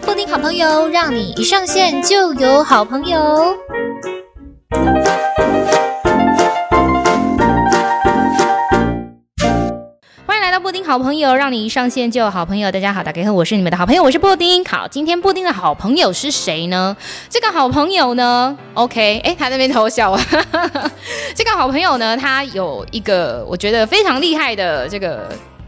布丁好朋友，讓你一上線就有好朋友。歡迎來到布丁好朋友，讓你一上線就有好朋友。大家好，大家好，我是你們的好朋友，我是布丁。好，今天布丁的好朋友是誰呢？這個好朋友呢？OK，哎，他在那邊偷笑啊。 這個好朋友呢，他有一個我覺得非常厲害的這個。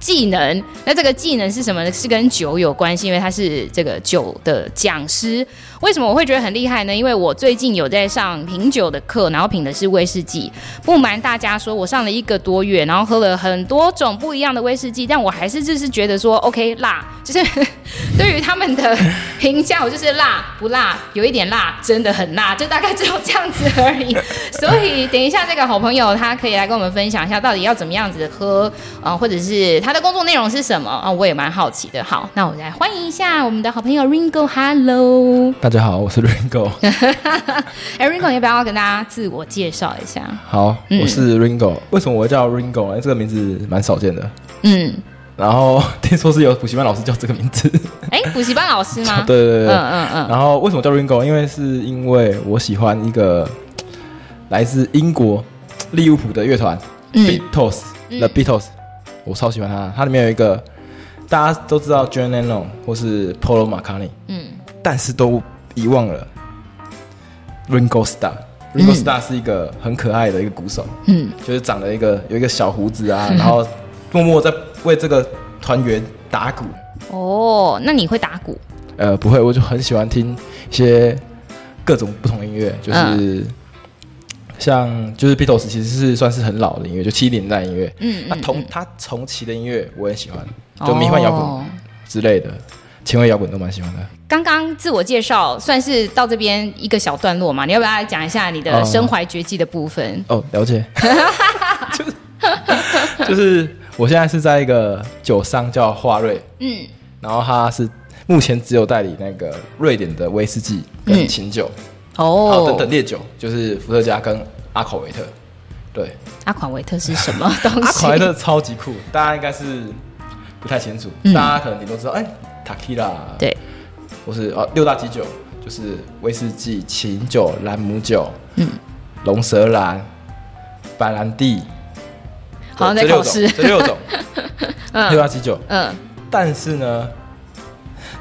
技能，那這個技能是什麼呢？是跟酒有關係，因為他是這個酒的講師。為什麼我會覺得很厲害呢？因為我最近有在上品酒的課，然後品的是威士忌。不瞞大家說，我上了一個多月，然後喝了很多種不一樣的威士忌，但我還是就是覺得說，OK，辣，就是 對於他們的評價，我就是辣不辣，有一點辣，真的很辣，就大概只有這樣子而已。所以等一下這個好朋友他可以來跟我們分享一下，到底要怎麼樣子喝、呃，或者是他的工作內容是什麼啊、呃？我也蠻好奇的。好，那我們來歡迎一下我們的好朋友 Ringo，Hello。大家好，我是 Ringo。哎、 欸，Ringo，要不要跟大家自我介紹一下？好，我是 Ringo。嗯、為什麼我叫 Ringo 呢？欸？這個名字蠻少見的。嗯。然後聽說是有補習班老師叫這個名字。哎、 欸，補習班老師嗎？ 對對對嗯嗯嗯。嗯嗯然後為什麼我叫 Ringo？因為是因為我喜歡一個來自英國利物浦的樂團 Beatles，The Beatles。我超喜歡他，他裡面有一個，有一個大家都知道 John Lennon 或是 Paul McCartney 嗯。但是都遺忘了 Ringo Starr，Ringo Starr 是一個很可愛的一個鼓手，嗯，就是長了一個有一個小鬍子啊，嗯、然後默默在為這個團員打鼓。哦，那你會打鼓？呃，不會，我就很喜歡聽一些各種不同音樂，就是、嗯、像就是 Beatles，其實是算是很老的音樂，就七零代音樂、嗯。嗯那、嗯啊、同他同期的音樂我也喜歡，就迷幻搖滾之類的。哦前衛搖滾都蠻喜歡的。剛剛自我介紹算是到這邊一個小段落嘛，你要不要來講一下你的身懷絕技的部分？主持人哦、哦，了解。 就是、就是、我現在是在一個酒商叫花瑞，嗯，然後他是目前只有代理那個瑞典的威士忌跟琴酒，嗯、哦，等等烈酒，就是伏特加跟阿款維特，對，阿款維特是什麼東西？主持人啊、阿款維特超級酷，大家應該是。不太清楚，嗯、大家可能你都知道，哎、欸，塔基拉對，或是哦，六大基酒就是威士忌、琴酒、藍姆酒、龍、嗯、舌蘭、白蘭地，好像這六種，這六種， 嗯、六大基酒。嗯，但是呢，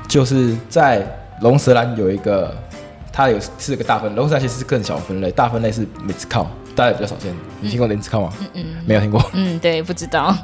就是在龍舌蘭有一個，它有四個大分龍舌蘭其實是更小的分類，大分類是 m e 靠，大家比較少見，你聽過 m e 靠嗎？嗯嗯，沒有聽過，嗯，對，不知道。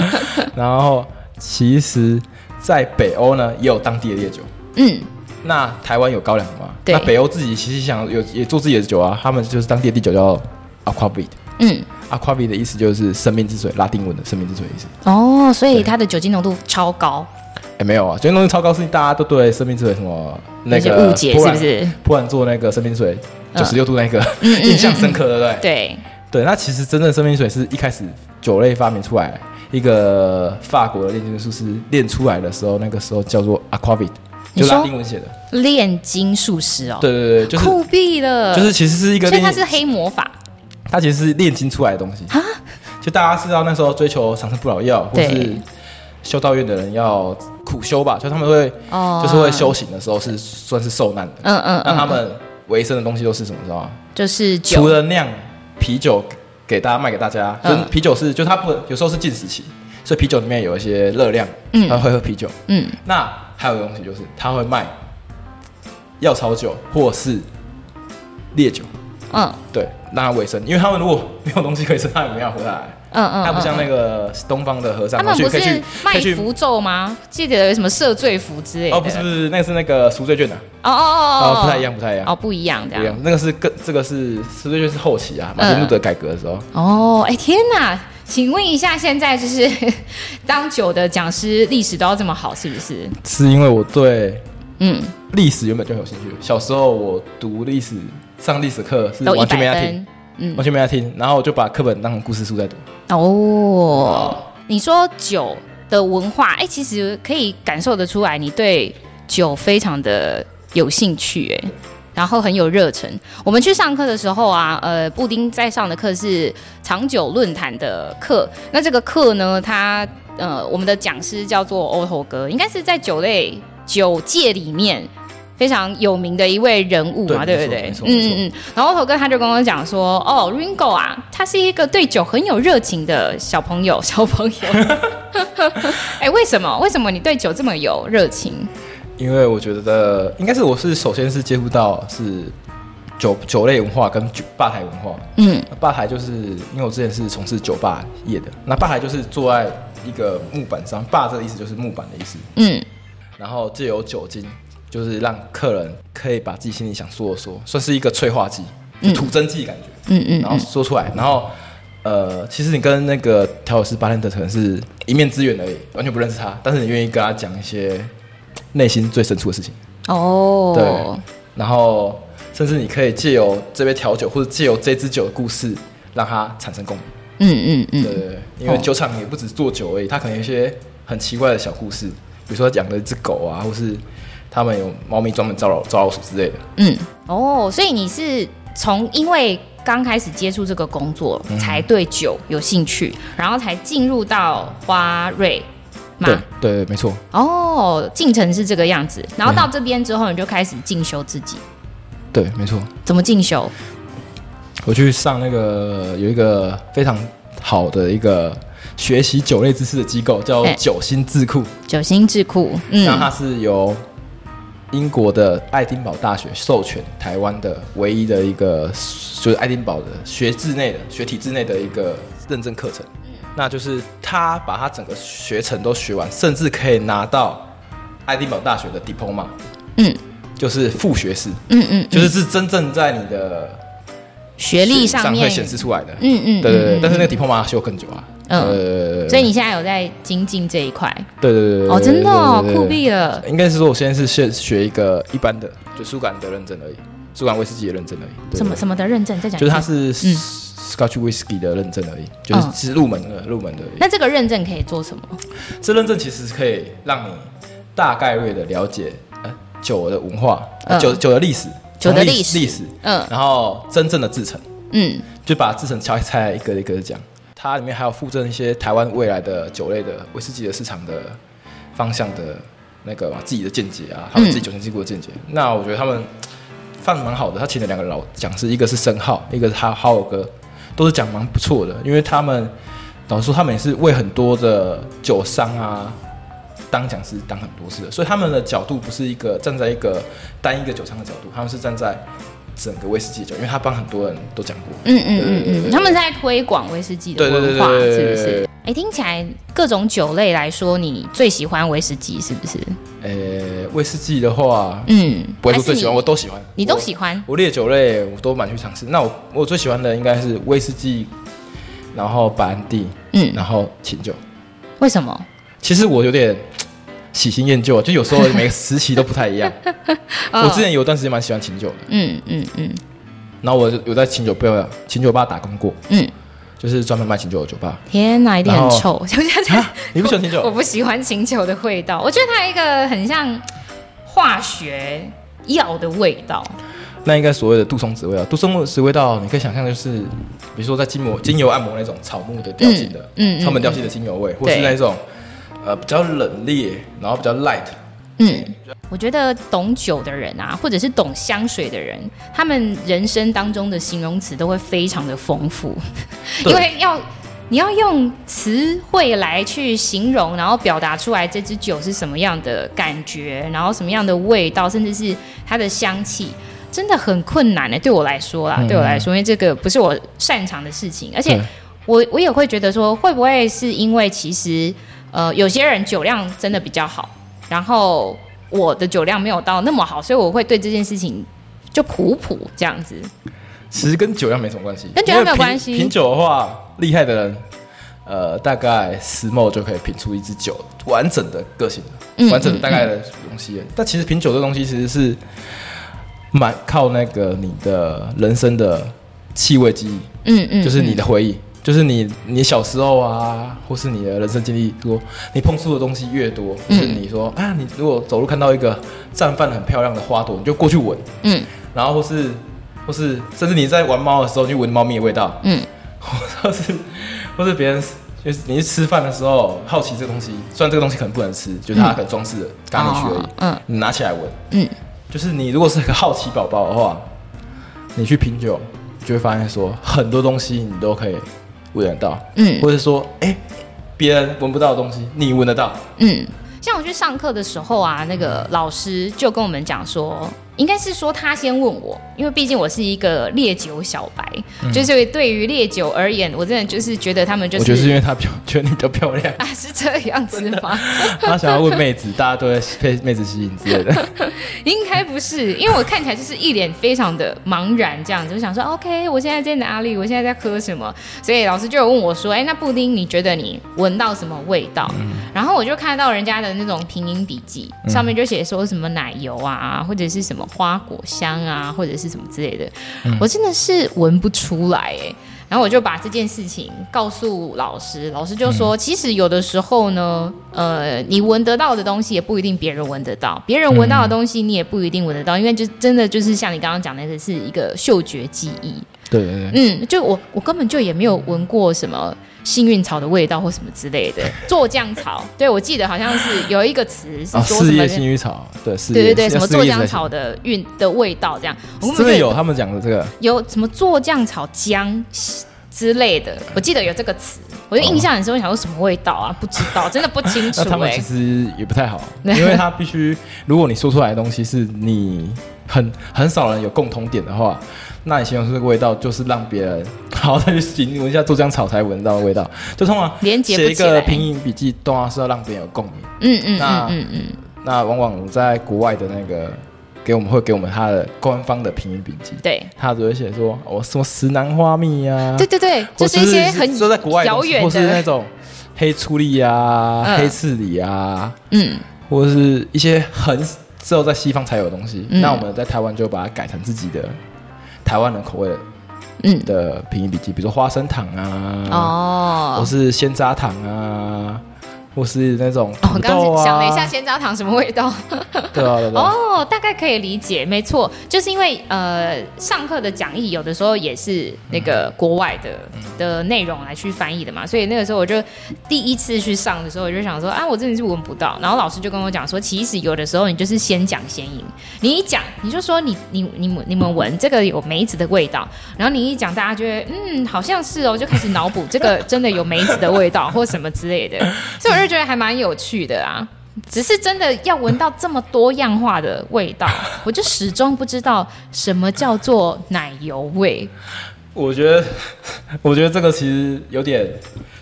然後。其實，在北歐呢也有當地的烈酒。嗯，那台灣有高粱嗎？對。那北歐自己其實想有也做自己的酒啊，他們就是當地的地酒叫 Aquavit。嗯，Aquavit 的意思就是生命之水，拉丁文的生命之水意思。哦，所以它的酒精濃度超高。哎、欸，沒有啊，酒精濃度超高是大家都對生命之水什麼那個，誤解，波蘭是不是？波蘭做那個生命之水九十六度那個、嗯， 印象深刻對不對？嗯嗯嗯對對，那其實真正的生命水是一開始酒類發明出來。一個法國的煉金術師煉出來的時候，那個時候叫做 Aquavit，說就拉丁文寫的煉金術師哦。對對對，就是酷斃了，就是其實是一個。所以它是黑魔法。它其實是煉金出來的東西蛤就大家知道那時候追求長生不老藥，或是修道院的人要苦修吧，對就他們會、oh, uh, 就是會修行的時候是算是受難的。嗯嗯嗯，那他們維生的東西都是什麼知道嗎？就是除了釀啤酒。給大家賣給大家，跟、嗯、啤酒是，就他不有時候是禁食期，所以啤酒裡面有一些熱量，他、嗯、會喝啤酒。嗯，那還有東西就是他會賣藥草酒或是烈酒。啊、嗯，對，讓他維生，因為他們如果沒有東西可以吃，他也沒辦法活下來。嗯嗯，嗯嗯，他不像那個東方的和尚，他們不是賣符咒、咒嗎？記得有什麼赦罪符之類的。哦，不是，不是，那個是那個贖罪券的、啊。哦哦哦,哦,哦,哦、呃，不太一樣，不太一樣，哦，不一樣，這樣，樣那個是跟這個是贖罪券是後期啊，馬丁路德改革的時候。嗯、哦、哎、欸、天吶，請問一下，現在就是當酒的講師，歷史都要這麼好，是不是？是因為我對嗯歷史原本就很有興趣，嗯、小時候我讀歷史，上歷史課是完全沒在聽。嗯，完全沒在聽，然後我就把課本當成故事書在讀。哦，你說酒的文化，哎、欸，其實可以感受得出來，你對酒非常的有興趣，哎，然後很有熱忱。我們去上課的時候啊，呃，布丁在上的課是長久論壇的課，那這個課呢，他呃，我們的講師叫做歐豪哥，應該是在酒類酒界裡面非常有名的一位人物嘛，對不對？嗯嗯，錯然後頭哥他就跟我講說：“嗯、哦，Ringo 啊，他是一個對酒很有熱情的小朋友。”小朋友，哎、 欸，為什麼？為什麼你對酒這麼有熱情？因為我覺得應該是我是首先是接觸到是酒酒類文化跟酒吧台文化。嗯，吧台就是因為我之前是從事酒吧業的，那吧台就是坐在一個木板上，吧這個意思就是木板的意思。嗯，然後這有酒精。就是讓客人可以把自己心裡想說的說，算是一個催化劑，吐真劑感覺。嗯嗯。嗯，然後說出來，嗯、然後，呃，其實你跟那個調酒師巴蘭德可能是一面之緣而已，完全不認識他，但是你願意跟他講一些內心最深處的事情。哦。對。然後，甚至你可以借由這杯調酒，或者借由這支酒的故事，讓他產生共鳴、嗯。嗯嗯嗯。對對對。因為酒廠也不止做酒而已，他可能有一些很奇怪的小故事，比如說他養了一隻狗啊，或是。他們有貓咪專門招老招老鼠之類的。嗯，哦、oh,，所以你是從因為剛開始接觸這個工作、嗯、才對酒有興趣，然後才進入到花瑞嗎？對對，沒錯。哦，進程是這個樣子。然後到這邊之後，你就開始進修自己。嗯、對，沒錯。怎麼進修？我去上那個有一個非常好的一個學習酒類知識的機構，叫酒心智庫、欸。酒心智庫，嗯，那它是由。英國的愛丁堡大學授權臺灣的唯一的一個，就是愛丁堡的學制內的學體制內的一個認證課程，那就是他把他整個學程都學完，甚至可以拿到愛丁堡大學的 Diploma，嗯，就是副學士，嗯嗯，嗯，就是是真正在你的，學歷上面會顯示出來的，嗯嗯，對對，但是那個 Diploma 要更久啊，所以你現在有在精進這一塊，對對對，哦真的，哦，酷斃了，應該是說我現在是先學一個一般的，就蘇格蘭的認證而已，蘇格蘭威士忌的認證而已，什麼什麼的認證再講，就是它是 Scotch Whisky 的認證而已，就是是入門的入門的。那這個認證可以做什麼？這認證其實是可以讓你大概率的了解酒的文化、酒酒的歷史。酒的歷史，史嗯史，然後真正的製程，嗯，就把製程拆一個一個的講。它裡面還有附贈一些台灣未來的酒類的威士忌的市場的方向的那個嘛自己的見解啊，還有自己酒精機構的見解。嗯、那我覺得他們放的蠻好的。他請了兩個老講師，是一個是申浩，一個是他浩哥，都是講蠻不錯的。因為他們老實說他們也是為很多的酒商啊。當講師當很多次了，所以他們的角度不是一個站在一個單一的酒商的角度，他們是站在整個威士忌酒，因為他幫很多人都講過。嗯嗯嗯嗯，他們在推廣威士忌的文化，對對對對是不是？哎、欸，聽起來各種酒類來說，你最喜歡威士忌是不是？呃、欸，威士忌的話，嗯，不會說最喜歡，我都喜歡，你都喜歡。我烈酒類我都蠻去嘗試。那我我最喜歡的應該是威士忌，然後白蘭地，嗯，然後琴酒。為什麼？其實我有點。嗯喜新厭舊，就有時候每個時期都不太一樣。 哦、我之前有段時間蠻喜歡琴酒的，嗯嗯嗯。嗯嗯然後我有在琴酒不要了琴酒吧打工過，嗯，就是專門賣琴酒的酒吧。天哪，一定很臭！後啊、你不喜歡琴酒？我，我不喜歡琴酒的味道，我覺得它有一個很像化學藥的味道。那應該所謂的杜松子味啊，杜松子味道，你可以想象就是，比如說在筋膜、精油按摩那種草木的調性的嗯，嗯，嗯嗯草本調性的精油味，對或是那種。呃、比較冷冽，然後比較 light。嗯，我覺得懂酒的人啊，或者是懂香水的人，他們人生當中的形容詞都會非常的豐富，對因為要你要用詞彙來去形容，然後表達出來這支酒是什麼樣的感覺，然後什麼樣的味道，甚至是它的香氣，真的很困難呢、欸。對我來說啦，嗯、對我來說，因為這個不是我擅長的事情，而且我對我也會覺得說，會不會是因為其實。呃，有些人酒量真的比較好，然後我的酒量沒有到那麼好，所以我會對這件事情就普普這樣子。其實跟酒量沒什麼關係，跟酒量沒有關係。品酒的話，厲害的人，呃，大概十秒就可以品出一支酒完整的個性，嗯嗯嗯完整的大概的東西。嗯嗯，但其實品酒這東西其實是蠻靠那個你的人生的氣味記憶，嗯，嗯嗯，就是你的回憶。就是你，你小時候啊，或是你的人生經歷多，你碰觸的東西越多，就是你說、嗯、啊，你如果走路看到一個綻放很漂亮的花朵，你就過去聞，嗯，然後或是或是甚至你在玩貓的時候就聞貓咪的味道，嗯，或，或是或是別人就是你去吃飯的時候好奇這個東西，雖然這個東西可能不能吃，就是它可能裝飾的干進去而已，嗯，你拿起來聞，嗯，就是你如果是一個好奇寶寶的話，你去品酒你就會發現說很多東西你都可以。聞得到，嗯，或者說，哎、欸，別人聞不到的東西，你聞得到，嗯，像我去上課的時候啊，那個老師就跟我們講說。應該是說他先問我，因為畢竟我是一個烈酒小白，嗯、就是對於烈酒而言，我真的就是覺得他們就是我覺得是因為他比較覺得你比較漂亮啊，是這樣子嗎？他想要問妹子， 大家都在被妹子吸引之類的，應該不是，因為我看起來就是一臉非常的茫然，這樣子我想說 OK，我現在在哪裡？我現在在喝什麼？所以老師就有問我說，哎、欸，那布丁你覺得你聞到什麼味道？嗯、然後我就看得到人家的那種品飲筆記，上面就寫說什麼奶油啊，或者是什麼。花果香啊，或者是什麼之類的，嗯、我真的是聞不出來、欸、然後我就把這件事情告訴老師，老師就說，嗯、其實有的時候呢，呃，你聞得到的東西也不一定別人聞得到，別人聞到的東西你也不一定聞得到，嗯、因為就真的就是像你剛剛講的、那個，是一個嗅覺記憶。對對，對嗯，就我我根本就也沒有聞過什麼幸運草的味道或什麼之類的，酢漿草，對我記得好像是有一個詞是說什麼幸運草，對，對對對，什麼酢漿草，草的韻的味道這樣，是不是有他們講的這個，有什麼酢漿草薑之類的，我記得有這個詞，我就印象很深，會想說什麼味道啊？哦、不知道，真的不清楚、欸。他們其實也不太好，因為他必須，如果你說出來的東西是你很很少人有共同點的話。那你形容這個味道，就是讓別人好再去形容一下做薑炒菜聞到的味道，就通常寫一個品飲筆記，都要是要讓別人有共鳴、嗯。嗯那嗯，那嗯嗯，嗯那往往在國外的那個給我們會給我們他的官方的品飲筆記，對他只會寫說我、哦、什麼石楠花蜜呀。啊，對對對，就是一些很遙遠的，或說在國外的，或是那種黑醋栗呀、黑刺李呀，嗯，啊、嗯或者是一些很只有在西方才有的東西，嗯、那我們在台灣就把它改成自己的。台灣的口味的，嗯，的品飲筆記，比如說花生糖啊，或、哦、是鮮榨糖啊。我是那種，我剛、哦啊、想了一下，仙楂糖什麼味道？對啊，對啊。哦，對對哦，大概可以理解，沒錯，就是因為呃，上課的講義有的時候也是那個國外的、嗯、的內容來去翻譯的嘛，所以那個時候我就第一次去上的時候，我就想說啊，我真的是聞不到。然後老師就跟我講說，其實有的時候你就是先講先贏。你一講你就說你你你你們你們聞這個有梅子的味道，然後你一講大家覺得嗯，好像是哦，就開始腦補這個真的有梅子的味道 或什麼之類的，覺得還蠻有趣的啊，只是真的要聞到這麼多樣化的味道，我就始終不知道什麼叫做奶油味。我覺得，我覺得這個其實有點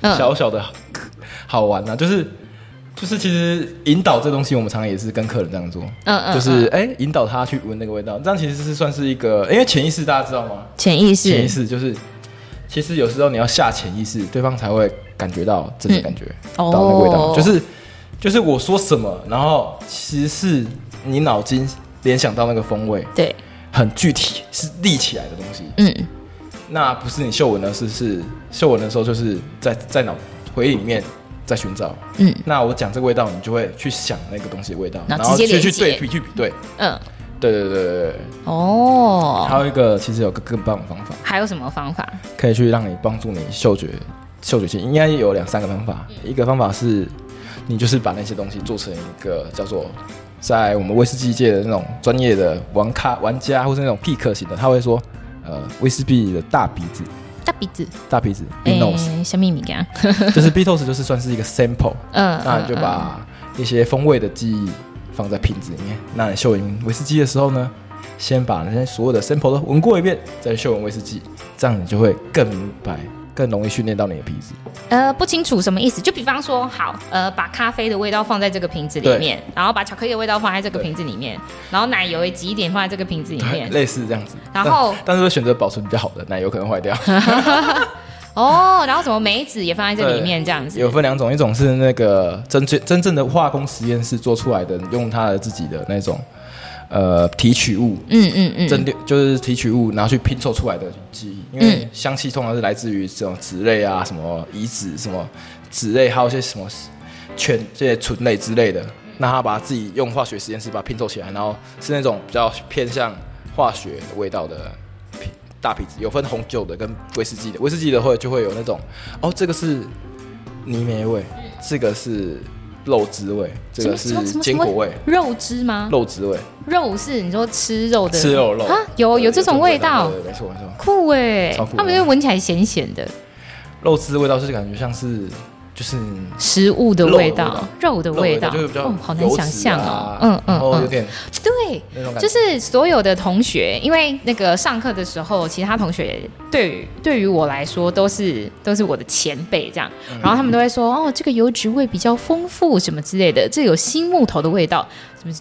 小小的好玩啊，嗯、就是就是其實引導這東西，我們常常也是跟客人這樣做，嗯，嗯嗯，就是哎、欸、引導他去聞那個味道，這樣其實是算是一個，因為潛意識大家知道嗎？潛意識，潛意識就是。其實有時候你要下潛意識，對方才會感覺到這種感覺，嗯、到那個味道，哦、就是就是我說什麼，然後其實是你腦筋聯想到那個風味，對，很具體，是立起來的東西，嗯，那不是你嗅聞的事，是是嗅聞的時候就是在在腦回憶裡面在尋找，嗯，那我講這個味道，你就會去想那個東西的味道，然後，直接連接然後去去對比去比對，嗯。對對對對哦，還有一個其實有個更棒的方法，還有什麼方法可以去讓你幫助你嗅覺、嗅覺性？應該有兩三個方法。嗯、一個方法是，你就是把那些東西做成一個叫做在我們威士忌界的那種專業的玩咖玩家，或是那種 pick 型的，他會說，呃，威士忌的大鼻子，大鼻子，大鼻子，鼻子小秘密，You know. 就是 toes，就是算是一個 sample，嗯、呃，那你就把一些風味的記憶。放在瓶子裡面，那你嗅聞威士忌的時候呢，先把那些所有的 sample 都聞過一遍，再嗅聞威士忌，這樣你就會更明白，更容易訓練到你的鼻子。呃，不清楚什麼意思。就比方說，好，呃，把咖啡的味道放在這個瓶子裡面，對然後把巧克力的味道放在這個瓶子裡面，對然後奶油也擠一點放在這個瓶子裡面，類似這樣子。然後，但，但是會選擇保存比較好的，奶油可能壞掉。 哦，然後什麼梅子也放在這裡面，對這樣子。有分兩種，一種是那個真正真正的化工實驗室做出來的，用它的自己的那種呃提取物。嗯嗯嗯。嗯嗯真的就是提取物拿去拼湊出來的記憶，因為香氣通常是來自於這種酯類啊，什麼乙酯，什麼酯類，還有些什麼醛，這些醇類之類的。那他把自己用化學實驗室把它拼湊起來，然後是那種比較偏向化學的味道的。大皮子有分紅酒的跟威士忌的，威士忌的會就會有那種，哦，這個是，泥煤味，這個是肉汁味，這個是堅果味，肉汁嗎？肉汁味，肉汁味，肉是你說吃肉的，吃肉肉啊，蛤有有這種味道，沒錯沒錯，酷哎、欸，酷味他們就聞起來鹹鹹的，肉汁味道就是感覺像是。就是食物的味道，肉的味道，哦，好難想象哦，嗯、啊、嗯，哦、嗯嗯、有點，對，就是所有的同學，因為那個上課的時候，其他同學對對於我來說都是都是我的前輩這樣，然後他們都會說、嗯、哦，這個油脂味比較豐富什麼之類的，這有新木頭的味道。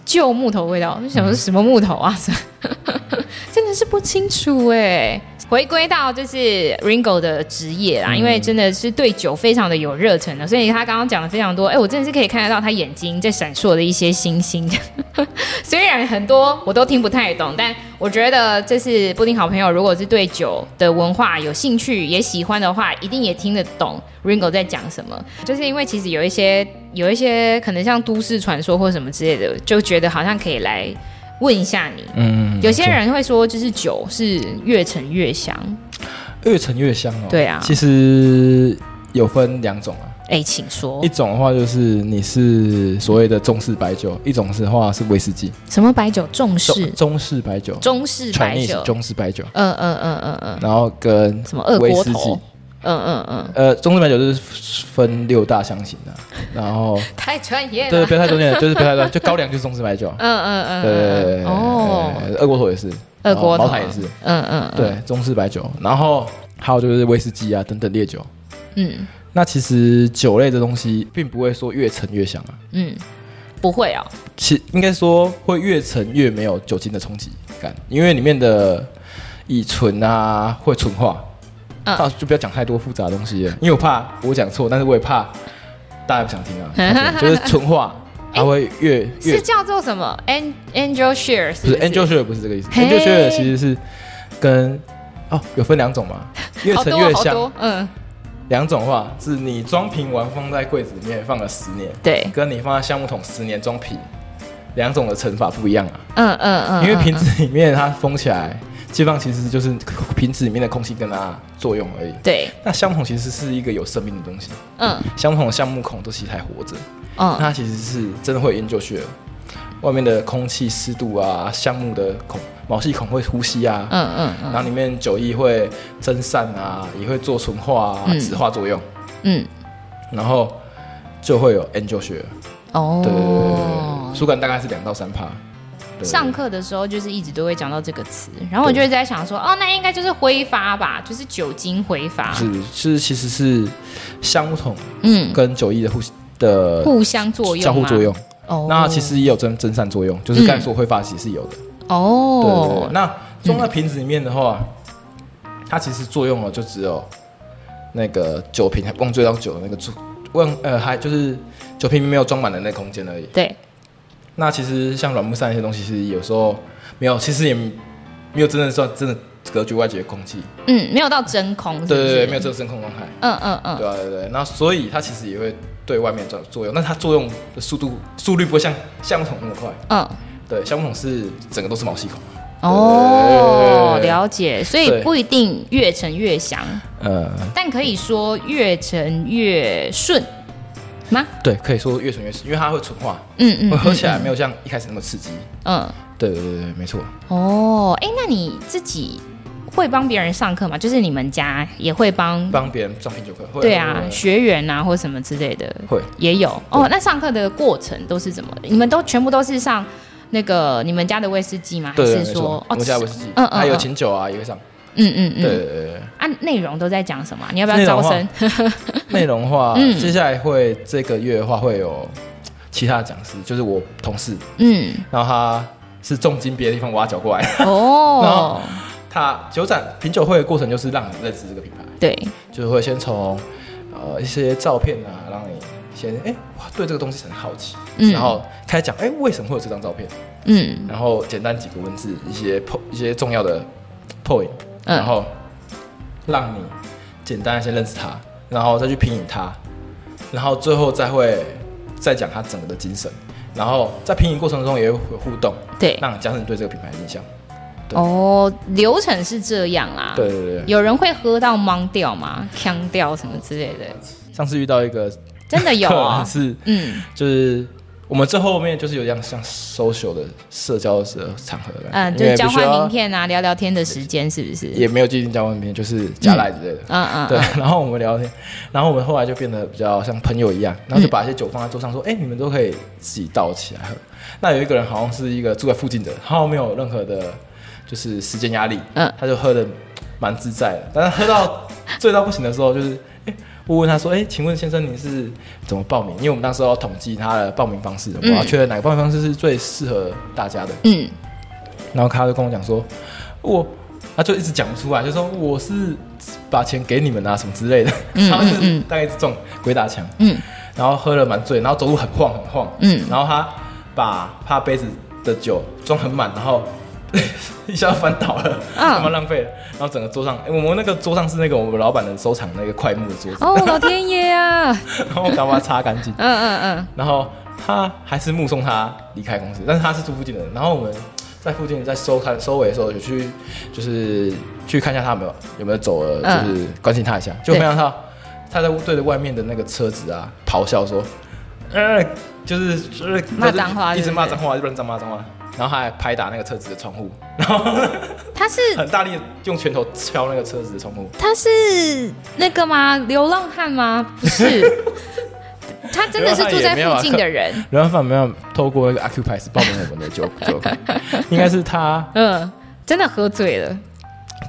舊木頭味道，我就想說什麼木頭啊？嗯、 真的是不清楚哎。回歸到就是 Ringo 的職業啦，嗯、因為真的是對酒非常的有熱忱的，所以他剛剛講的非常多。哎，我真的是可以看得到他眼睛在閃爍的一些星星。 雖然很多我都聽不太懂，但。我覺得這是布丁好朋友，如果是對酒的文化有興趣也喜歡的話，一定也聽得懂 Ringo 在講什麼。就是因為其實有一些有一些可能像都市傳說或什麼之類的，就覺得好像可以來問一下你。嗯，有些人會說，就是酒是越陳越香，越陳越香哦。對啊，其實有分兩種啊。哎，請說。一種的話就是你是所謂的中式白酒，一種的話是威士忌。什麼白酒？中式？中式白酒？中式白酒？中式白酒？嗯嗯嗯嗯嗯。然後跟什麼？威士忌？嗯嗯嗯。呃，中式白酒就是分六大香型的，然後太專業了。對，不要太專業，就是不要太，就高粱就是中式白酒。嗯嗯嗯。對對。哦。二鍋頭也是。二鍋頭。茅台也是。嗯嗯。對，中式白酒，然後還有就是威士忌啊等等烈酒。嗯。那其實酒類的東西並不會說越陳越香啊，嗯，不會啊、哦，其應該說會越陳越沒有酒精的衝擊感，因為裡面的乙醇啊會醇化，啊、嗯、就不要講太多複雜的東西，因為我怕我講錯，但是我也怕大家不想聽啊，就是醇化它 會越安越是叫做什麼？Angel Shares 不是 Angel Shares 不是這個意思 Hey，Angel Shares 其實是跟哦有分兩種嘛，越陳越香，嗯。兩種話是你裝瓶完放在櫃子裡面放了十年，對，跟你放在橡木桶十年裝瓶，兩種的乘法不一樣啊。嗯嗯嗯，嗯嗯，因為瓶子裡面它封起來，嗯、基本上其實就是瓶子裡面的空氣跟它作用而已。對，那橡木桶其實是一個有生命的東西。嗯，嗯，橡木桶的橡木孔都其實還活着。嗯，它其實是真的會有研究學外面的空氣濕度啊，橡木的孔。毛細孔會呼吸啊，嗯嗯，然後裡面酒液會蒸散啊，也會做醇化、酯化作用，嗯，然後就會有 Angel share 哦，對對對，疏乾大概是兩到三趴。上課的時候就是一直都會講到這個詞，然後我就在想說，哦，那應該就是揮發吧，就是酒精揮發。是是，其實是相同，嗯，跟酒液的互的互相作用、交互作用，哦，那其實也有蒸蒸散作用，就是乾縮揮發其實是有的。哦，oh, 對，對，對，那裝在瓶子裡面的話，嗯、它其實作用了就只有那個酒瓶還不用追到酒的那個注灌，呃，還就是酒瓶沒有裝滿的那個空間而已。對，那其實像軟木塞那些東西，其實有時候沒有，其實也沒有真正算真的隔絕外界的空氣。嗯，沒有到真空是不是？對對對，沒有這個真空狀態。嗯嗯嗯。對對，對，那所以它其實也會對外面做作用，那它作用的速度速率不會像橡木桶那麼快。嗯。Uh. 對，香檳桶是整個都是毛細孔哦，了解，所以不一定越陳越香，呃對，但可以說越陳越順，呃、嗎對，可以說越陳越順，因為它會醇化。嗯嗯，喝、嗯、起來沒有像一開始那麼刺激，嗯，對，對對對，沒錯。哦，哎、欸，那你自己會幫別人上課嗎？就是你們家也會幫幫別人上品酒課？對啊，學員啊，或什麼之類的，會也有。對 哦，那上課的過程都是怎麼的？你們都全部都是上？那個你們家的威士忌嗎？還是說我們家威士忌？嗯，還有琴酒啊也會上。嗯嗯嗯。對。啊，內容都在講什麼？你要不要招生？內容的話，接下來會這個月的話會有其他講師，就是我同事。嗯。然後他是重金別的地方挖角過來。哦。然後他酒展品酒會的過程就是讓你認識這個品牌。對。就是會先從呃一些照片啊讓你。欸、對這個東西很好奇，嗯、然後開始講，哎、欸，為什麼會有這張照片？嗯，然後簡單幾個文字，一些破，一些重要的 point，嗯、然後讓你簡單先認識它，然後再去品飲它，然後最後再會再講它整個的精神，然後在品飲過程中也會互動，對，讓你加深對這個品牌的印象。對哦，流程是這樣啊？對，對對對，有人會喝到盲掉嗎？ㄎㄧㄤ 掉什麼之類的？上次遇到一個。真的有啊、哦，是嗯，就是我們最後面就是有一樣像 social 的社交的場合的，嗯，就是交換名片啊、聊聊天的時間，是不是？也沒有進行交換名片，就是加賴之類的，嗯嗯，嗯嗯對。嗯、然後我們聊天，然後我們後來就變得比較像朋友一樣，然後就把一些酒放在桌上，說：“哎、嗯欸，你們都可以自己倒起來喝。”那有一個人好像是一個住在附近的，然後沒有任何的，就是時間壓力，嗯，他就喝的蠻自在的。但是喝到醉到不行的時候，就是。我問他說：“哎、欸，請問先生您是怎麼報名？因為我們當時要統計他的報名方式，我要確認哪個報名方式是最適合大家的。”嗯，然後他就跟我講說：“我……他就一直講不出來，就說我是把錢給你們啊，什麼之類的。”嗯，然後是大概這種鬼打牆。嗯，然後喝了蠻醉，然後走路很晃很晃。嗯，然後他把他杯子的酒裝很滿，然後。 一下翻倒了，啊！那浪費了，然後整個桌上、欸，我們那個桌上是那個我們老闆的收藏，那個檜木的桌子。哦，老天爺啊！ 然後我趕快擦乾淨。 嗯嗯嗯。然後他還是目送他離開公司，但是他是住附近的人。然後我們在附近在收看收尾的時候，有去就是去看一下他有沒有有沒有走了，嗯、就是關心他一下。就有沒想到對他在對着外面的那個車子啊咆哮說，嗯、呃，就是就是，罵髒話，話，一直罵髒話，亂髒罵髒話。然後他還拍打那個車子的窗戶，然後他是 很大力的用拳頭敲那個車子的窗戶。他是那個嗎？流浪漢嗎？不是，他真的是住在附近的人。流浪漢沒有透過一個 occupy 報名我們的酒 酒應該是他。嗯 、呃，真的喝醉了。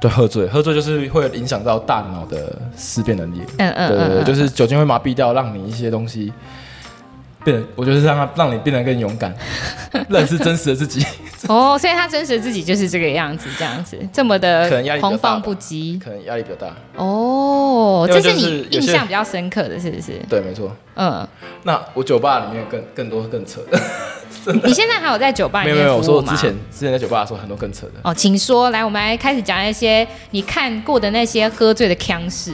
對，喝醉，喝醉就是會影響到大腦的思辨能力。嗯嗯，對、嗯、對，嗯、就是酒精會麻痹掉，讓你一些東西。我覺得是讓他讓你變得更勇敢，認識真實的自己。 哦，所以他真實的自己就是這個樣子，這樣子，這麼的狂放不羈，可能壓力比較大。較大哦，這是你印象比較深刻的是不是？對，沒錯。嗯，那我酒吧裡面更更多更扯的。的你現在還有在酒吧裡面？沒有沒有，我說我之前之前在酒吧的時候很多更扯的。哦，請說，來我們來開始講一些你看過的那些喝醉的鏘事。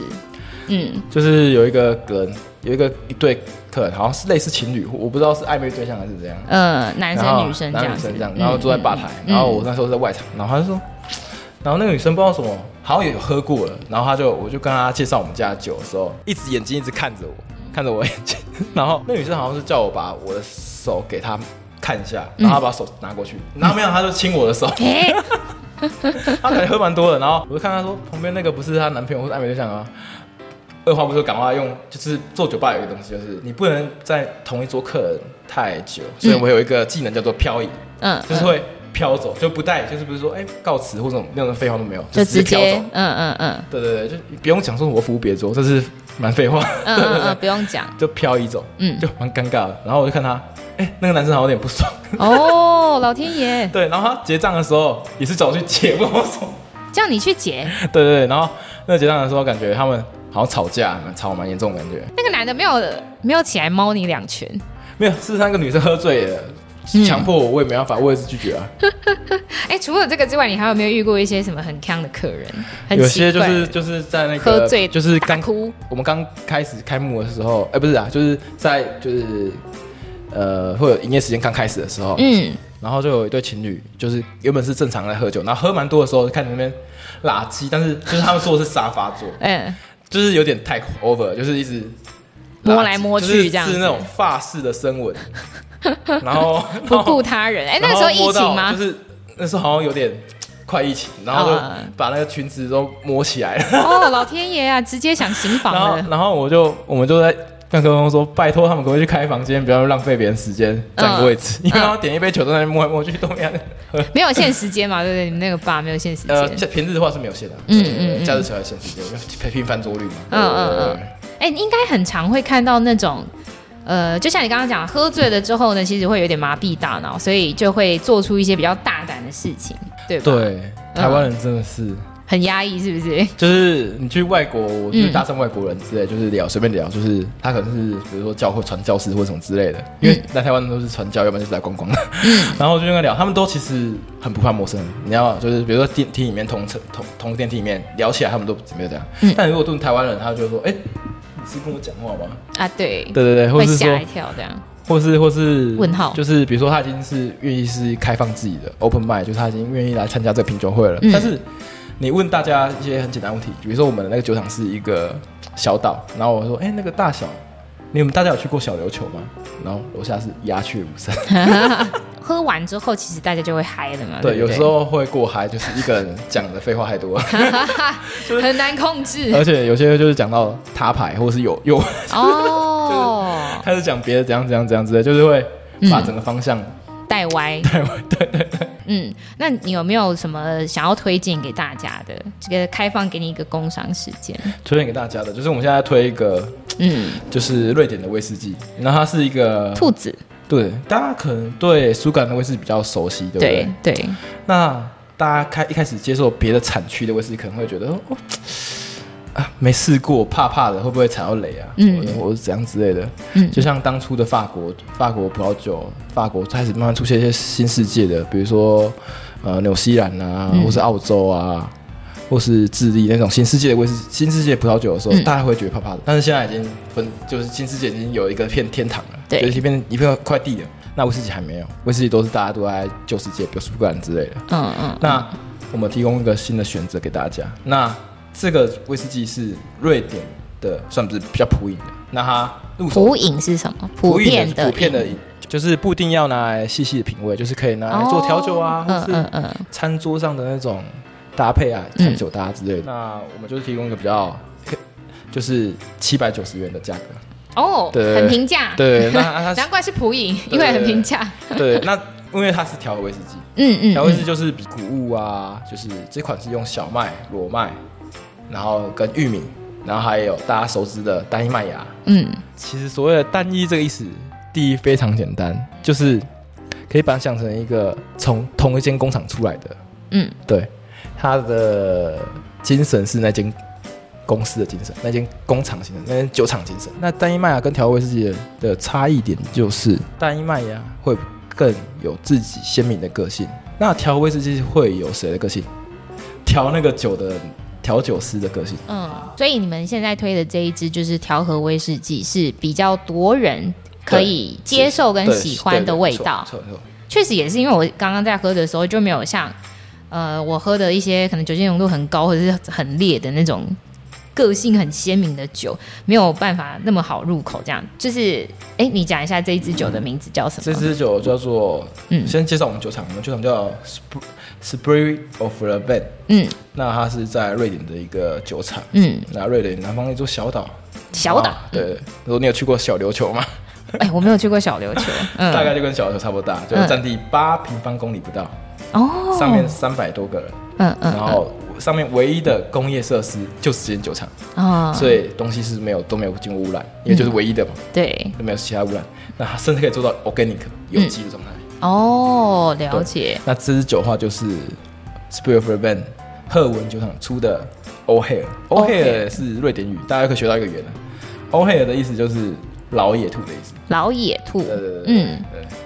嗯，就是有一個客人，有一個一對客人，好像是類似情侶，我不知道是曖昧對象還是這樣。呃，男生女生這樣子，嗯、然後坐在吧台，嗯、然後我那時候在外場，嗯、然後他就說，然後那個女生不知道什麼，好像也有喝過了，然後他就，我就跟他介紹我們家酒的時候，一直眼睛一直看着我，看着我眼睛，然後那女生好像是叫我把我的手給他看一下，然後他把手拿過去，嗯、然後沒有，他就親我的手，嗯、 他感覺喝蠻多的，然後我就看他說，旁邊那個不是他男朋友，或是曖昧對象啊。二話不說，趕快用就是做酒吧有一個東西，就是你不能在同一桌客人太久。所以我有一個技能叫做漂移，嗯，就是會飄走，就不帶，就是不是說哎、欸、告辭或這種那種廢話都沒有，就直接，就直接飄走。嗯嗯嗯，對對對，就不用講說什麼服務別桌，這是蠻廢話，嗯，不用講就漂移走，嗯，嗯，就蠻尷尬的。然後我就看他，哎、欸，那個男生好像有點不爽。哦，老天爺！對，然後他結賬的時候也是走去結，問我說叫你去結。 對對對，然後那個結賬的時候感覺他們。好像吵架，吵蠻嚴重的感覺。那個男的沒有沒有起來貓你兩拳？沒有，是那個女生喝醉了，強迫我，我也沒辦法，嗯、我也是拒絕啊。哎、 欸，除了這個之外，你還有沒有遇過一些什麼很鏘的客人？有些就是就是在那個喝醉，就是剛哭。我們剛開始開幕的時候，哎、欸，不是啊，就是在就是呃，會有，營業時間剛開始的時候，嗯，然後就有一對情侶，就是原本是正常在喝酒，然後喝蠻多的時候，看你那邊垃圾，但是就是他們坐的是沙发座， 嗯。就是有點太 over，就是一直摸來摸去，就是那種法式的深吻 然後不顧他人。哎、欸，那個、時候疫情嗎？就是那時候好像有點快疫情，然後就把那個裙子都摸起來了。哦，oh. oh, 老天爺啊，直接想行房了 然。然後我就我們就在。像剛剛說拜托他們可,可以去開房間，不要浪費別人時間占、哦、個位置，因為他們點一杯酒都在摸來摸去東，都沒有限時間嘛？對不 對？你們那個吧沒有限時間？呃，平日的話是沒有限的、啊，嗯嗯嗯，假日才限時間，因為平平翻桌率嘛。嗯嗯嗯，哎，哦哦哦欸、你應該很常會看到那種，呃，就像你剛剛講，喝醉了之後呢，其實會有點麻痹大腦，所以就會做出一些比較大膽的事情，對不對，台灣人真的是。嗯很壓抑，是不是？就是你去外國，就搭上外國人之類，就是聊隨、嗯、便聊，就是他可能是比如說教會傳教士或什麼之類的，嗯、因為在台灣都是傳教，要不然就是來逛逛。嗯、然後就跟他聊，他們都其實很不怕陌生。你知道就是比如說電梯裡面同乘同同、同電梯裡面聊起來，他們都沒有這樣。嗯、但如果對台灣人，他就說：“哎、欸，你是跟我講話嗎？”啊對，對對對對，或是會嚇一跳這樣，或是或是問號，就是比如說他已經是願意是開放自己的 open mind，就是他已經願意來參加這個品酒會了，嗯、但是。你問大家一些很簡單問題，比如說我們的那個酒廠是一個小島，然後我說，哎，那個大小，你們大家有去過小琉球嗎？然後樓下是鴉雀無聲。喝完之後，其實大家就會嗨了嘛。對，有時候會過嗨，就是一個人講的廢話太多，很難控制。而且有些人就是講到他牌，或者是有有哦，開始講別的，怎樣怎樣怎樣之類，就是會把整個方向帶歪，帶歪，對對對。嗯，那你有沒有什麼想要推薦給大家的？這個開放給你一個工商時間，推薦給大家的，就是我們現在在推一個，嗯，就是瑞典的威士忌，那它是一個兔子，對，大家可能對蘇格蘭的威士忌比較熟悉，對不對？對，對，那大家開一開始接受別的產區的威士忌，可能會覺得哦。啊，沒試過，怕怕的，會不會踩到雷啊？嗯，或者是怎樣之類的。嗯，就像當初的法國，法國葡萄酒，法國開始慢慢出現一些新世界的，嗯、比如說呃，紐西蘭啊，嗯、或是澳洲啊，或是智利那種新世界的威士，新世界葡萄酒的時候，嗯、大家會覺得怕怕的。但是現在已經分，就是新世界已經有一個片天堂了，對，就是一片一片快遞了。那威士忌還沒有，威士忌都是大家都在舊世界，比如說蘇格蘭之類的。嗯嗯。那，嗯，我們提供一個新的選擇給大家。那這個威士忌是瑞典的，算是比較普飲的。那它入普飲是什麼？普飲的普飲的，遍的就是不一定要拿來細細的品味，就是可以拿來做調酒啊，哦呃呃、或者是餐桌上的那種搭配啊，餐酒搭之類的。嗯、那我們就是提供一個比較，就是七百九十元的價格哦，對，很平價。對，那它 難怪是普飲，因為很平價。對， 對，那因為它是調和威士忌。嗯，嗯嗯，調和威士就是比谷物啊，就是這款是用小麥、裸麥。然後跟玉米，然後還有大家熟知的單一麥芽。嗯，其實所謂的單一這個意思，定義非常簡單，就是可以把它想成一個從同一間工廠出來的。嗯，對，它的精神是那間公司的精神，那間工廠精神，那間酒廠精神。那單一麥芽跟調和威士忌的差異點就是，單一麥芽會更有自己鮮明的個性。那調和威士忌會有誰的個性？調那個酒的。調酒師的個性，嗯，所以你們現在推的這一支就是調和威士忌，是比較多人對可以接受跟喜歡的味道。對，對，對，沒錯，確實也是因為我剛剛在喝的時候就沒有像，呃，我喝的一些可能酒精濃度很高或者是很烈的那種。個性很鮮明的酒，沒有辦法那麼好入口，這樣就是，哎，你講一下這一支酒的名字叫什麼？嗯、這支酒叫做，嗯，先介紹我們酒廠，我們酒廠叫 Spirit of Hven 嗯，那它是在瑞典的一個酒廠，嗯，那瑞典南方一座小島，小島，對，如果、嗯、你有去過小琉球嗎？ 哎，我沒有去過小琉球，嗯、大概就跟小琉球差不多大，就占地八平方公里不到，哦、嗯，上面三百多個人，嗯嗯，然後。嗯嗯上面唯一的工業設施就是一間酒廠，啊，uh, 所以東西是沒有都沒有經過污染，嗯、因為就是唯一的嘛，對，都沒有其他污染，那甚至可以做到 organic Yeah. 有機的狀態。哦，oh, 了解。那這支酒的話就是 Spirit of Hven 赫文酒廠出的 Ohaer，Ohaer 是瑞典語，大家可以學到一個語言。Ohaer 的意思就是。老野兔的意思。老野兔，對對對對嗯，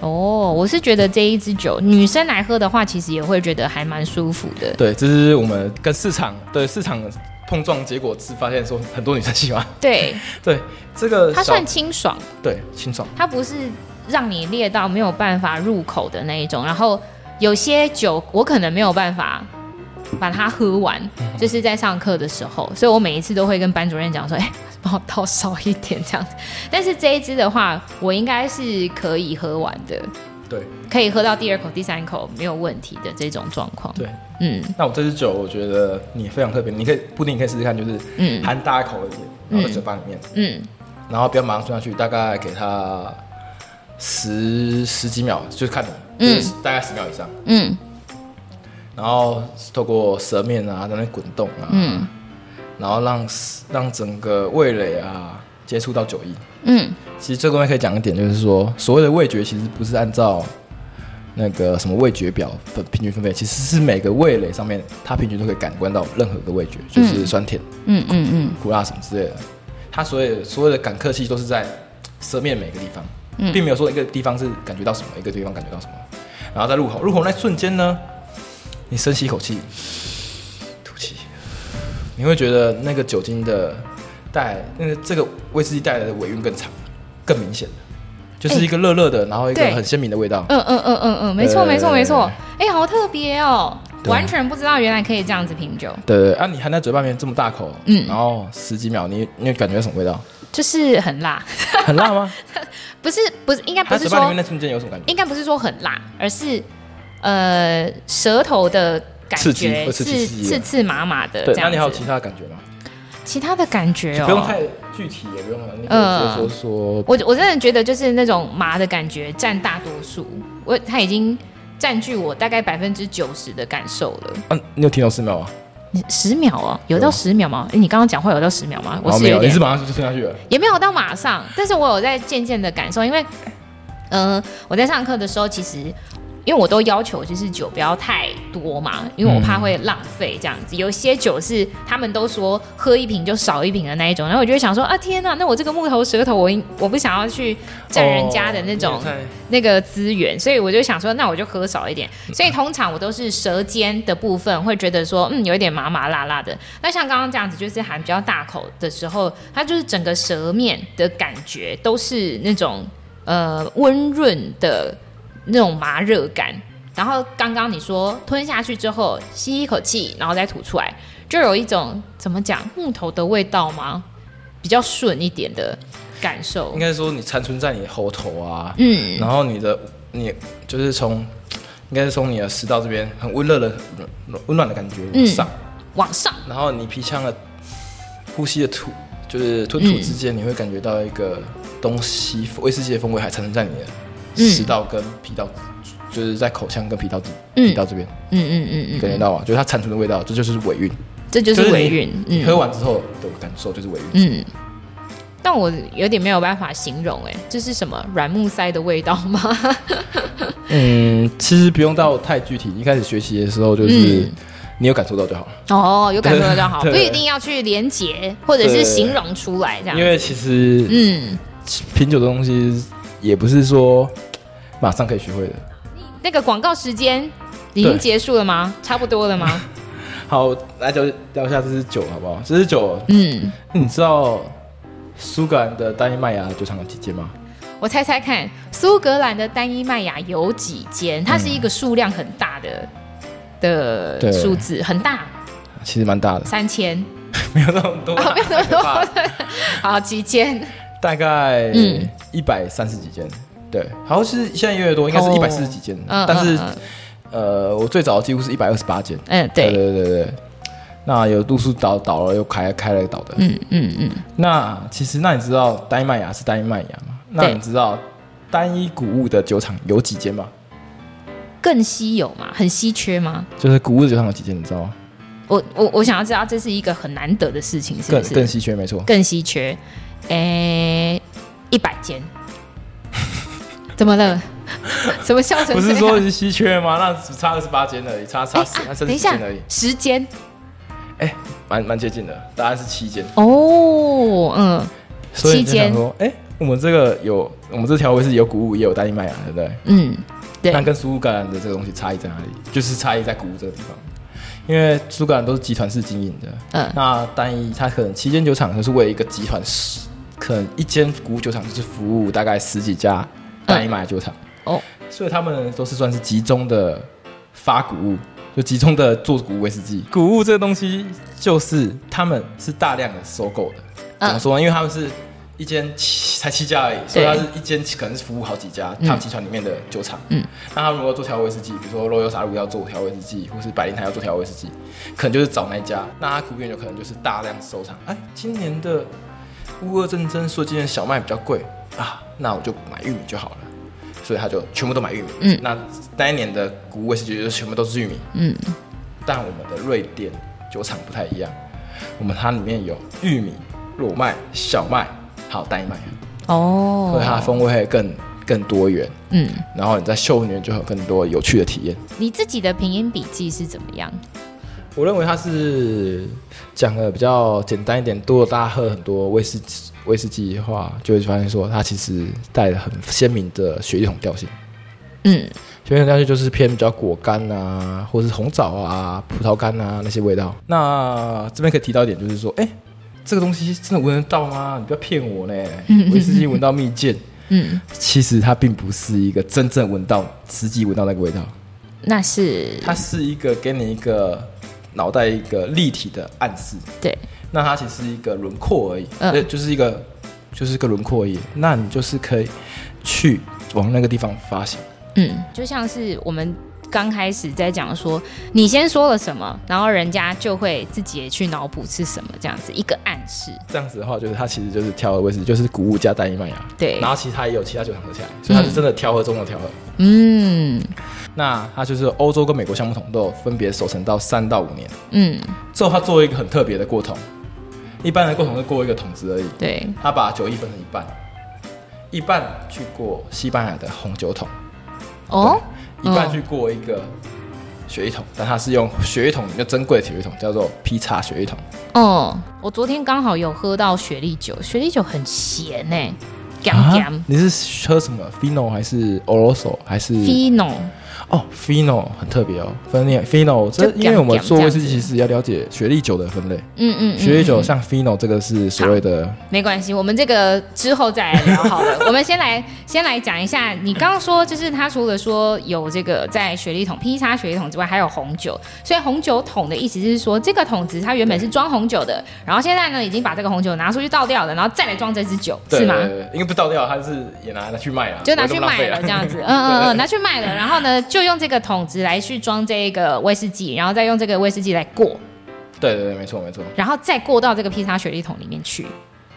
哦對，oh, 我是覺得這一支酒女生來喝的話，其實也會覺得還蠻舒服的。對，這是我們跟市場、對市場碰撞結果是發現說很多女生喜歡。對 對，這個它算清爽，對清爽，它不是讓你烈到沒有辦法入口的那一種。然後有些酒我可能沒有辦法把它喝完，嗯、哼就是在上課的時候，所以我每一次都會跟班主任講說，哎。倒少一點這樣子，但是這一支的話，我應該是可以喝完的。對，可以喝到第二口、第三口沒有問題的這種狀況。對，嗯。那我這支酒，我覺得你非常特別，你可以不一定，你可以試試看，就是嗯，含大一口而已，嗯、然後在嘴巴裡面，嗯，然後不要馬上吞下去，大概給它十十幾秒，就是看你，就是、大概十秒以上，嗯，嗯然後透過舌面啊，在那滾動啊，嗯。然後讓讓整個味蕾啊接觸到酒液。嗯，其實這個東西可以講一點，就是說，所謂的味覺其實不是按照那個什麼味覺表的平均分配，其實是每個味蕾上面它平均都可以感官到任何一個味覺，就是酸甜，嗯嗯嗯，苦、嗯嗯、辣什麼之類的。它所有所有的感客器都是在舌面每個地方，並沒有說一個地方是感覺到什麼，一個地方感覺到什麼。然後在入口入口那瞬間呢，你深吸一口氣。你會覺得那個酒精的帶，那個這個威士忌帶來的尾韻更長、更明顯，就是一個熱熱的，欸、然後一個很鮮明的味道。嗯嗯嗯嗯嗯，沒錯沒錯沒錯，哎、欸，好特別哦，對完全不知道原來可以這樣子品酒。對對，對啊，你含在嘴巴裡面這麼大口，嗯，然後十幾秒，你你感覺什麼味道？就是很辣，很辣嗎？ 不是不是，應該不是說那瞬間有什麼感覺，應該不是說很辣，而是呃舌頭的。感覺，是刺刺麻麻的這樣刺激刺激的對。那你還有其他感覺嗎？其他的感覺哦，不用太具體，也不用。嗯、呃，說說，我我真的覺得就是那種麻的感覺占大多數，我他已經占據我大概百分之九十的感受了。啊，你有聽到十秒啊？十秒哦、啊，有到十秒嗎？欸、你剛剛講話有到十秒嗎？我是有點、啊、沒有，你是馬上就剩下去了。也沒有到馬上，但是我有在漸漸的感受，因為嗯、呃，我在上課的時候其實。因為我都要求就是酒不要太多嘛，因為我怕會浪費這樣子。嗯、有些酒是他們都說喝一瓶就少一瓶的那一種，然後我就想說啊，天吶、啊，那我這個木頭舌頭我，我我不想要去佔人家的那種那個資源，所以我就想說，那我就喝少一點。所以通常我都是舌尖的部分會覺得說，嗯，有一點麻麻辣辣的。那像剛剛這樣子，就是含比較大口的時候，它就是整個舌面的感覺都是那種呃溫潤的。那種麻熱感，然後剛剛你說吞下去之後吸一口氣，然後再吐出來，就有一種怎麼講木頭的味道嗎？比較順一點的感受。應該是說你殘存在你的喉頭啊，嗯，然後你的你就是從，應該是從你的食道這邊很溫熱的、嗯、溫暖的感覺往上、嗯，往上，然後你鼻腔的呼吸的吐，就是吞吐、嗯、之間，你會感覺到一個東西威士忌的風味還殘存在你的。食道跟皮道，就是在口腔跟皮道、皮道這邊，嗯嗯嗯，感覺到啊，就是它殘留的味道，這就是尾韻，這就是尾韻。喝完之後的感受就是尾韻。嗯，但我有點沒有辦法形容，哎，這是什麼軟木塞的味道嗎？嗯，其實不用到太具體。一開始學習的時候，就是你有感受到就好。哦，有感受到就好，不一定要去連結或者是形容出來這樣。因為其實，嗯，品酒的東西也不是說。馬上可以學會的。那個廣告時間已經結束了嗎？對差不多了嗎？ 好，來聊聊一下這支酒好不好？這支酒，嗯，你、嗯、知道蘇格蘭的單一麥芽酒廠有幾間嗎？我猜猜看，蘇格蘭的單一麥芽有幾間？它是一個數量很大的的數字，嗯、很大。其實蠻大的。三千、 啊哦。沒有那麼多、啊。沒有那麼多。好，幾間？大概一百三十幾間。嗯對，好像是現在越來越多，應該是一百四十幾間。嗯、哦，啊、但是，啊啊、呃，我最早的幾乎是一百二十八間。嗯、欸啊，對，對對對對，那有度數倒倒了，又開開了一倒的、嗯。嗯嗯嗯。那其實，那你知道單一麥芽是單一麥芽嗎？那對你知道單一穀物的酒廠有幾間嗎？更稀有嘛、嗯？很稀缺嗎？就是穀物酒廠有幾間，你知道嗎？我我我想要知道，這是一個很難得的事情，是不是？更更稀缺，沒錯。更稀缺，哎、欸，一百間。怎麼了？ 什麼笑成這樣？不是說是稀缺嗎？那只差二十八間而已，差差十，欸啊，甚至十間而已。十間，哎，蠻蠻、欸、接近的。答案是七間。哦，oh, 嗯，七間。說，哎間、欸，我們這個有我們這條紋是有谷物也有單一麥芽，對不對？嗯，對。那跟蘇格蘭的這個東西差異在哪裡？就是差異在谷物這個地方。因為蘇格蘭都是集團式經營的，嗯，那單一它可能七間酒廠可能是為一個集團，十可能一間穀物酒廠就是服務大概十幾家。單一麥酒廠哦，所以他們都是算是集中的發穀物，就集中的做穀物威士忌。穀物這個東西就是他們是大量的收購的，怎麼說呢？因為他們是一間七才七家而已，所以他們是一間可能是服務好幾家他們集團裡面的酒廠。嗯，那、嗯、他們如果做調威士忌，比如說 Royal Salute 要做調威士忌，或是百齡罈要做調威士忌，可能就是找那一家。那他穀物就可能就是大量的收藏。哎，今年的烏克蘭戰爭說今年的小麥比較貴啊。那我就買玉米就好了，所以他就全部都買玉米。嗯，那當年的谷物威士忌就全部都是玉米。嗯，但我們的瑞典酒廠不太一樣，我們它裡面有玉米、裸麥、小麥，還有大麥。哦，所以它的風味會更更多元。嗯，然後你在嗅聞就有更多有趣的體驗。你自己的品飲筆記是怎麼樣？我認為它是講的比較簡單一點，多了大家喝很多威士忌，威士忌的話，就會發現說它其實帶了很鮮明的雪莉桶調性。嗯，雪莉桶調性就是偏比較果乾啊，或者是紅棗啊、葡萄乾啊那些味道。那這邊可以提到一點，就是說，哎，這個東西真的聞得到嗎？你不要騙我呢。嗯、哼哼威士忌聞到蜜餞，嗯，其實它並不是一個真正聞到實際聞到那個味道。那是它是一個給你一個腦袋一個立體的暗示。對。那它其實是一個輪廓而已，對、嗯欸，就是一個，就是一個輪廓而已。那你就是可以去往那個地方發行，嗯，就像是我們剛開始在講說，你先說了什麼，然後人家就會自己也去腦補是什麼這樣子，一個暗示。這樣子的話，就是它其實就是調和威士忌，就是穀物加單一麥芽，對，然後其他也有其他酒廠喝起來，所以它是真的調和中的調和。嗯，那它就是歐洲跟美國橡木桶都分別守成到三到五年，嗯，最後它作為一個很特別的過桶。一般的過桶，是過一個桶子而已。對，他把酒一分成一半，一半去過西班牙的紅酒桶，哦，一半去過一個雪利桶，哦、但他是用雪利桶一個珍貴的雪利桶，叫做劈叉雪利桶。哦，我昨天剛好有喝到雪莉酒，雪莉酒很鹹呢、欸，幹、啊、你是喝什麼？Fino 還是 Oloroso 還是 Fino？哦、oh、Fino 很特別哦，分類 Fino 這，因為我們做威士忌其實是要了解雪莉酒的分類，嗯嗯，雪、嗯、莉、嗯、酒像 Fino 這個是所謂的，沒關係，我們這個之後再來聊好了。 我們先來先來，講一下，你剛剛說就是他除了說有這個在雪莉桶、PX 雪莉桶之外，還有紅酒，所以紅酒桶的意思就是說這個桶子它原本是裝紅酒的，對 然後現在呢已經把這個紅酒拿出去倒掉了，然後再來裝這支酒對 是嗎，因為不倒掉，它是也拿，拿去賣了、啊，就拿去賣了這樣子，啊、嗯嗯嗯，拿去賣了，然後呢？就用這個桶子來去裝這個威士忌，然後再用這個威士忌來過。對對對，沒錯沒錯。然後再過到這個披薩雪莉桶裡面去。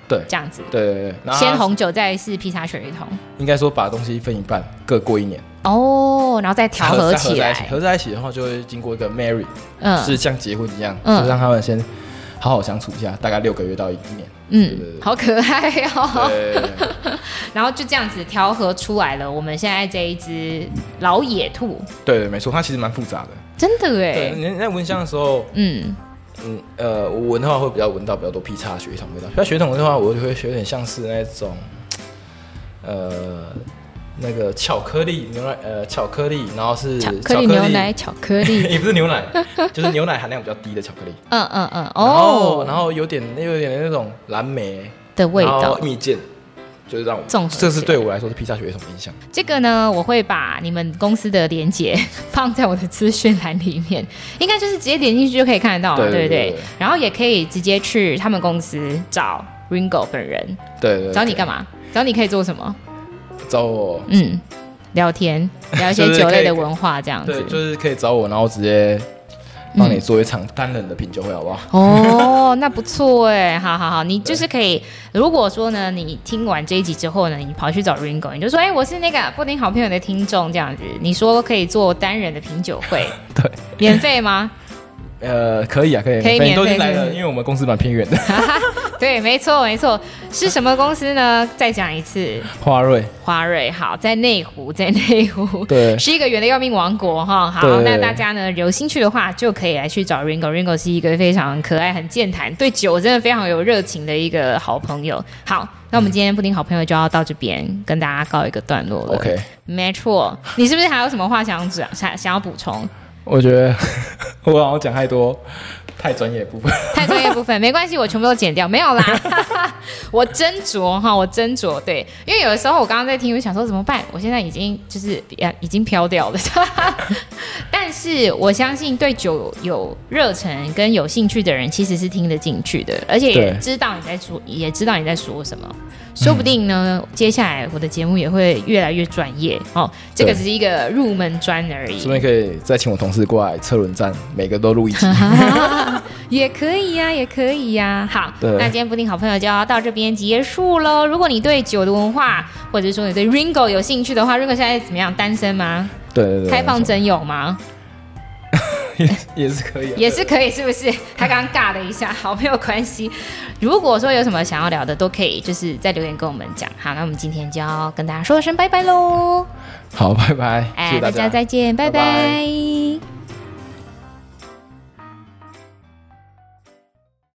對，這樣子。對對對，然後先紅酒，再是披薩雪莉桶。應該說把東西分一半，各過一年。哦，然後再調和再合在一起來，合在一起，合在一起的話就會經過一個 marry，嗯，是像結婚一樣，嗯，就讓他們先好好相處一下，大概六個月到一年。嗯，對對對，好可愛哦。然後就這樣子調和出來了，我們現在這一只老野兔，對，對，對，沒錯，它其實蠻複雜的，真的耶。對，你在聞香的時候，嗯嗯，呃，我聞的話會比較聞到比較多 PX 血統味道，像血統的話，我會學有點像是那種，呃。那個巧克力牛奶，呃，巧克力，然後是巧克力牛奶，巧克力也不是牛奶，就是牛奶含量比較低的巧克力。嗯嗯嗯，哦，然後有點，有點那種藍莓的味道，蜜餞，就是讓我，這是對我來說是披薩學有什麼印象？這個呢，我會把你們公司的鏈接放在我的資訊欄裡面，應該就是直接點進去就可以看得到，對對對。然後也可以直接去他們公司找 Ringo 本人，對對，找你幹嘛？找你可以做什麼？找我，嗯，聊天，聊一些酒類的文化，這樣子就，就是可以找我，然後直接幫你做一場單人的品酒會，好不好、嗯？哦，那不錯哎，好好好，你就是可以，對如果說呢，你聽完這一集之後呢，你跑去找 Ringo，你就說，哎、欸，我是那個布丁好朋友的聽眾，這樣子，你說可以做單人的品酒會，對，免費嗎？呃，可以啊，可以，可以免費，你都是來了，是是因為我們公司蠻偏遠的。 對，沒錯，沒錯，是什麼公司呢？ 再講一次。花瑞，花瑞，好，在內湖，在內湖。對，是一個遠的要命王國哈。好，對對對對，那大家呢，有興趣的話，就可以來去找 Ringo，Ringo 是一個非常可愛、很健談、對酒真的非常有熱情的一個好朋友。好，那我們今天布丁好朋友就要到這邊跟大家告一個段落了。OK。沒錯，你是不是還有什麼話想講？想想要補充？我覺得 我好像講太多。太專業部分，太專業部分 沒關係，我全部都剪掉，沒有啦。 我斟酌哈，我斟酌。對，因為有的時候我剛剛在聽，我想說怎麼辦？我現在已經就是已經飄掉了。 但是我相信，對酒有熱忱跟有興趣的人，其實是聽得進去的，而且也知道你在說，對也知道你在說什麼。說不定呢，嗯、接下來我的節目也會越來越專業。哦，這個只是一個入門磚而已。順對便可以再請我同事過來車輪戰，每個都錄一集。 也可以呀、啊，也可以呀、啊。好，對那今天不定布丁好朋友就要到這邊結束嘍。如果你對酒的文化，或者是說你對 Ringo 有興趣的話，Ringo 現在怎麼樣？單身嗎？對，對，對，開放徵友嗎？也、嗯、也是可以、啊，也是可以，是不是？他剛剛尬了一下，好，沒有關係。如果說有什麼想要聊的，都可以，就是在留言跟我們講。好，那我們今天就要跟大家說聲拜拜嘍。好，拜拜，哎，謝謝大家，大家再見，拜拜。拜拜